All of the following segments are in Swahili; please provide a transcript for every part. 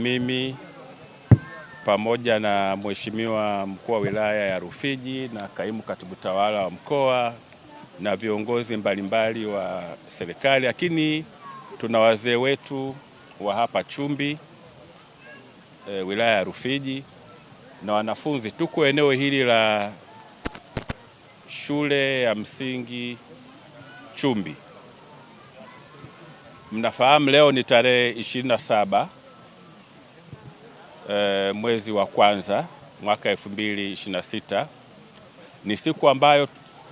Mimi pamoja na Mheshimiwa mkuu wa wilaya ya Rufiji na kaimu katibu tawala wa mkoa na viongozi mbalimbali wa serikali, lakini tuna wazee wetu wa hapa Chumbi e, wilaya ya Rufiji na wanafunzi, tuko eneo hili la shule ya msingi Chumbi. Mnafahamu leo ni tarehe 27 e, mwezi wa kwanza mwaka 2026 ni siku ambayo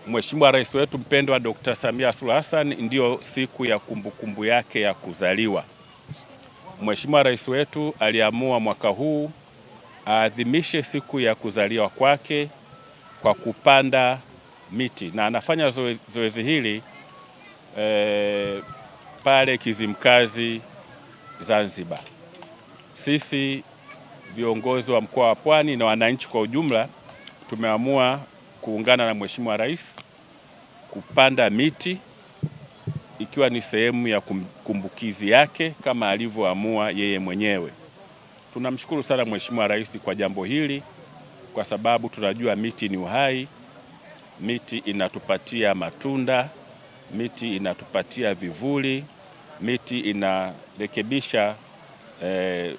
Mheshimiwa Rais wetu mpendwa Dr. Samia Suluhu Hassan ndiyo siku ya kumbukumbu kumbu yake ya kuzaliwa. Mheshimiwa Rais wetu aliamua mwaka huu aadhimishe siku ya kuzaliwa kwake kwa kupanda miti na anafanya zoezi, zoezi hili e, pale Kizimkazi Zanzibar. Sisi viongozi wa mkoa wa Pwani na wananchi kwa ujumla tumeamua kuungana na Mheshimiwa Rais kupanda miti ikiwa ni sehemu ya kumbukizi yake kama alivyoamua yeye mwenyewe. Tunamshukuru sana Mheshimiwa Rais kwa jambo hili kwa sababu tunajua miti ni uhai, miti inatupatia matunda, miti inatupatia vivuli, miti inarekebisha eh,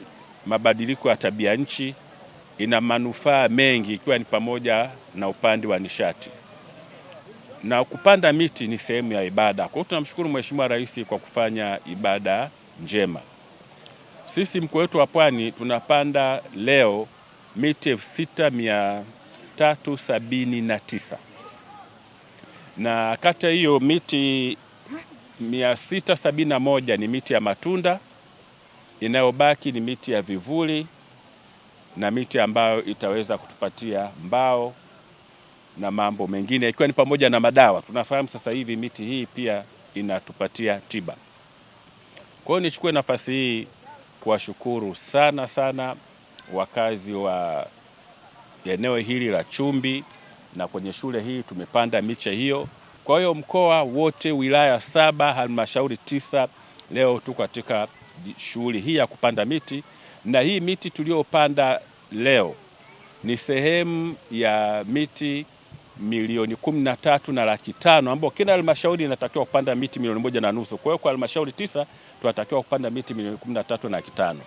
mabadiliko ya tabia nchi ina manufaa mengi, ikiwa ni pamoja na upande wa nishati na kupanda miti ni sehemu ya ibada. Kwa hiyo tunamshukuru Mheshimiwa Rais kwa kufanya ibada njema. Sisi mkoa wetu wa Pwani tunapanda leo miti elfu sita mia tatu sabini na tisa na kati hiyo miti mia sita sabini na moja ni miti ya matunda Inayobaki ni miti ya vivuli na miti ambayo itaweza kutupatia mbao na mambo mengine ikiwa ni pamoja na madawa. Tunafahamu sasa hivi miti hii pia inatupatia tiba. Kwa hiyo nichukue nafasi hii kuwashukuru sana sana wakazi wa eneo hili la Chumbi na kwenye shule hii tumepanda miche hiyo. Kwa hiyo mkoa wote, wilaya saba, halmashauri tisa, leo tu katika shughuli hii ya kupanda miti, na hii miti tuliyopanda leo ni sehemu ya miti milioni kumi na tatu na laki tano ambao kila halmashauri inatakiwa kupanda miti milioni moja na nusu. Kwa hiyo kwa halmashauri tisa tunatakiwa kupanda miti milioni kumi na tatu na laki tano.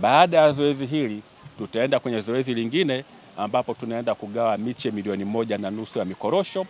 Baada ya zoezi hili tutaenda kwenye zoezi lingine ambapo tunaenda kugawa miche milioni moja na nusu ya mikorosho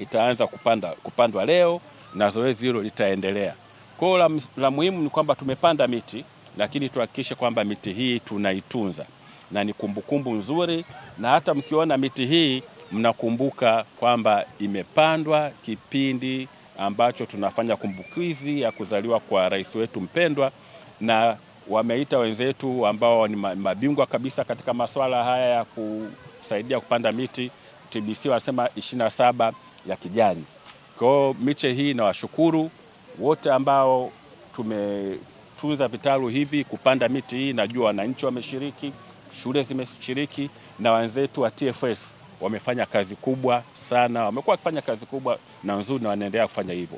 itaanza kupanda kupandwa leo na zoezi hilo litaendelea. Kwa hiyo la, la muhimu ni kwamba tumepanda miti, lakini tuhakikishe kwamba miti hii tunaitunza na ni kumbukumbu kumbu nzuri, na hata mkiona miti hii mnakumbuka kwamba imepandwa kipindi ambacho tunafanya kumbukizi ya kuzaliwa kwa rais wetu mpendwa, na wameita wenzetu ambao ni mabingwa kabisa katika masuala haya ya kusaidia kupanda miti TBC wanasema 27 ya kijani. Kwa hiyo miche hii, nawashukuru wote ambao tumetunza vitalu hivi kupanda miti hii, najua wananchi wameshiriki, shule zimeshiriki na wenzetu wa TFS wamefanya kazi kubwa sana, wamekuwa wakifanya kazi kubwa na nzuri na wanaendelea kufanya hivyo.